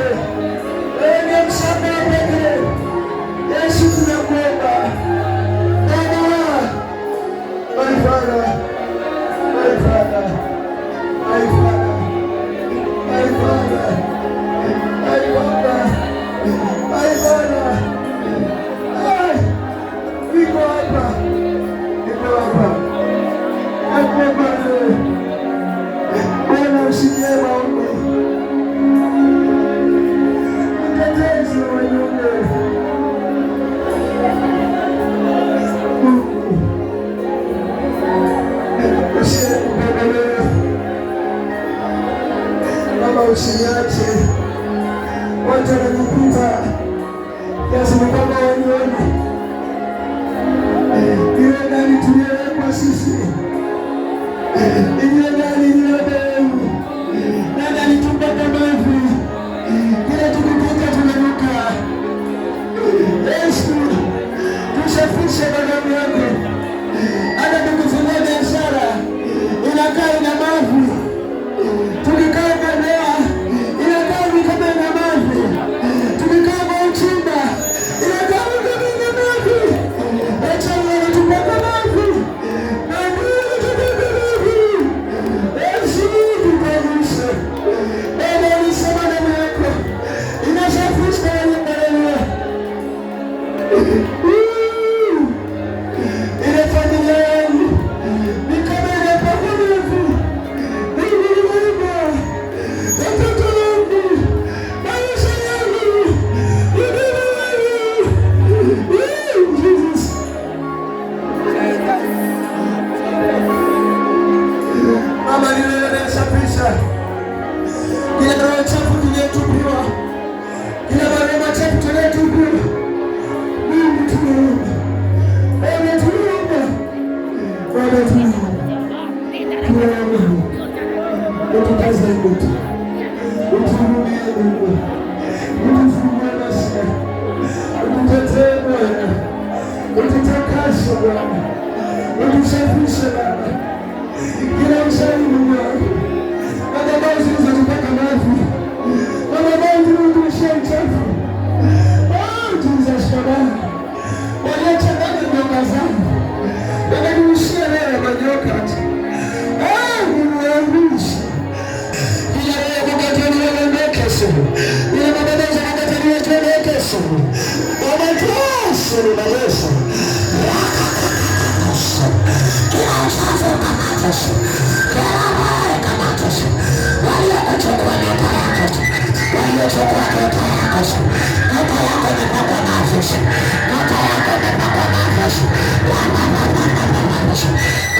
Hadi. haitoshi, karama yako haitoshi, waliokuchukua yako, waliochukua neema yako, neema yako imepakwa mafuta, neema yako imepakwa mafuta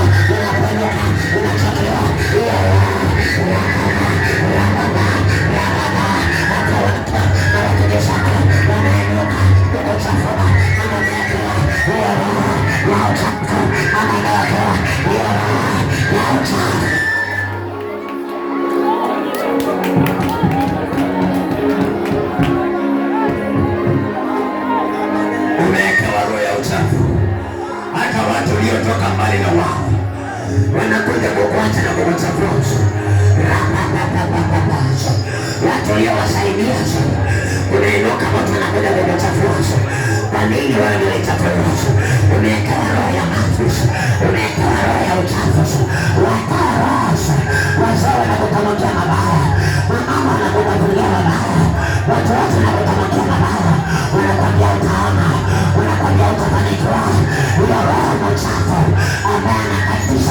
Umewekewa roho ya uchafu, hata watu uliotoka mbali na wao wanakuja kukuacha na kukuchafua. Watu uliowasaidia unainuka, watu wanakuja kukuchafua. Waamini wanaoleta peruzi, umewekewa roho ya maafisa, umewekewa roho ya uchafuzi, watarasa wazee wanakutamkia mabaya, wamama wanakutamkia mabaya, watu wote wanakutamkia mabaya, wanakwambia utaona, wanakwambia utafanikiwa. Hiyo roho mchafu ambaye anakatisha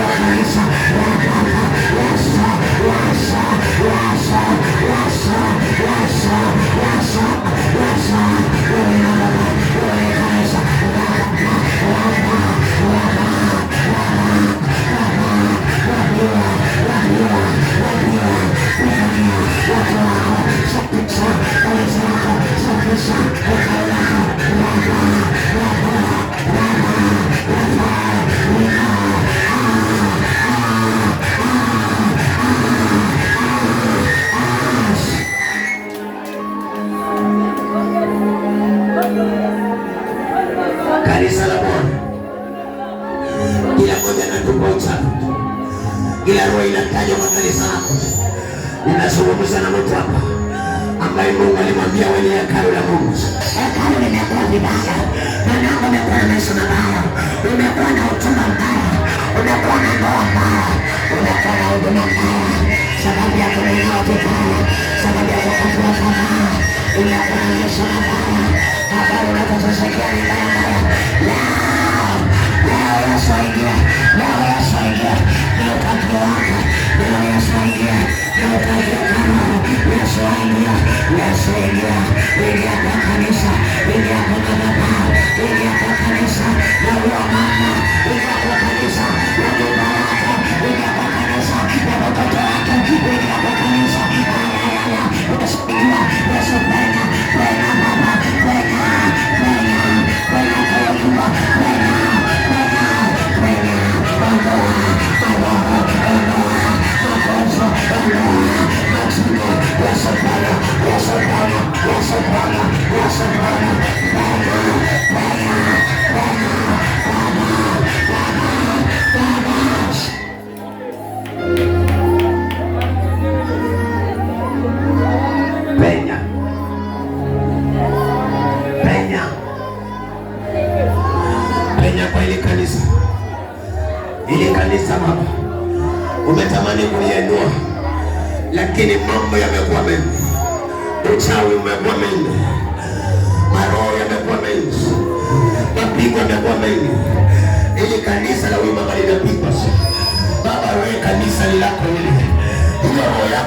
Something's up, kanisa la Bwana. Kila moja na tumbo chako, kila roho inatajwa kwa kanisa lako. Unazungumza na mtu hapa ambaye Mungu alimwambia wewe hekalu la Mungu. Hekalu limekuwa vibaya, mwanangu, umekuwa na maisha mabaya, umekuwa na utuma mbaya, umekuwa na ndoa mbaya, umekuwa na huduma mbaya sababu ya kulia utotoni, sababu ya kukatwa tamaa, inakuonyesha mabaya, habari unapoteseka ni mbaya. Leo Yesu aingia, leo Yesu aingia, ni upako wako. Leo Yesu aingia, ni upako kama Yesu aingia, Yesu aingia, ingia kwa kanisa, ingia kwa madhabahu, ingia kwa kanisa na huyo mama, ingia kwa kanisa na nyumba yake, ingia kwa kanisa na mtoto wake Yes, I'm running. Yes, I'm running. Yes, I'm running.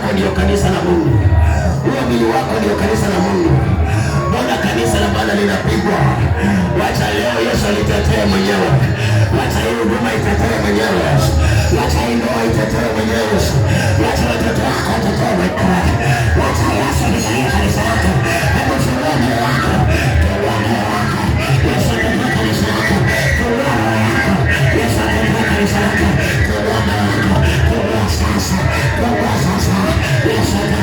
wako ndio kanisa la Mungu. Huo mwili wako ndio kanisa la Mungu. Mbona kanisa la Bwana linapigwa? Wacha leo Yesu alitetee mwenyewe. Wacha hii huduma itetee mwenyewe. Wacha hii ndoa itetee mwenyewe. Wacha watoto wako watetee mwenyewe. Wacha Yesu alitetee kanisa lako. Hebu fungua moyo wako. Fungua moyo wako. Yesu kanisa lako. Fungua moyo wako. Yesu kanisa lako. Fungua moyo wako sasa, baba sasa,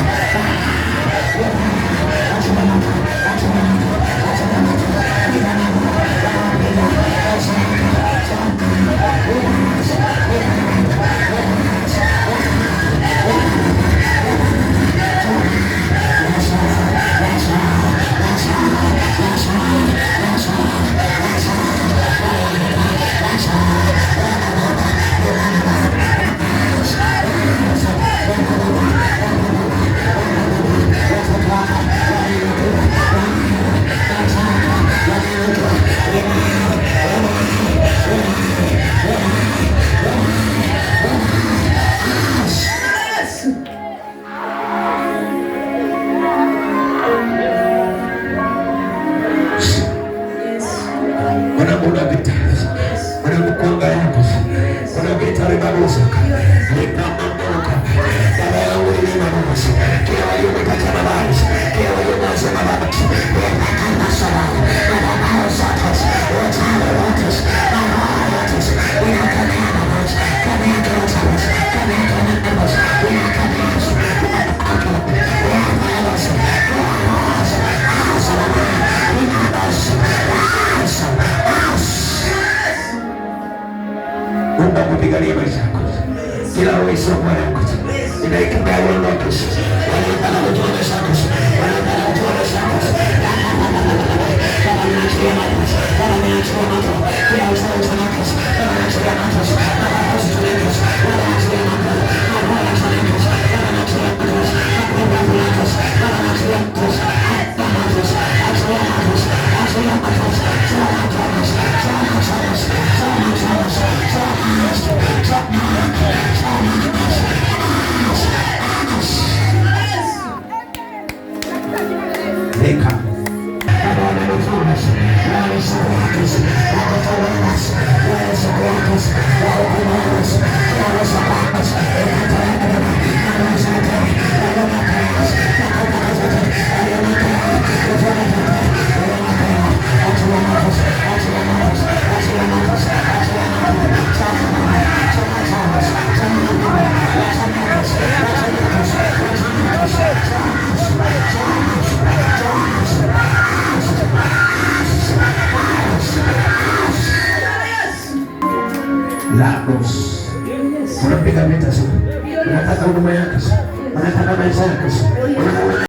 Bwana, muda umepita.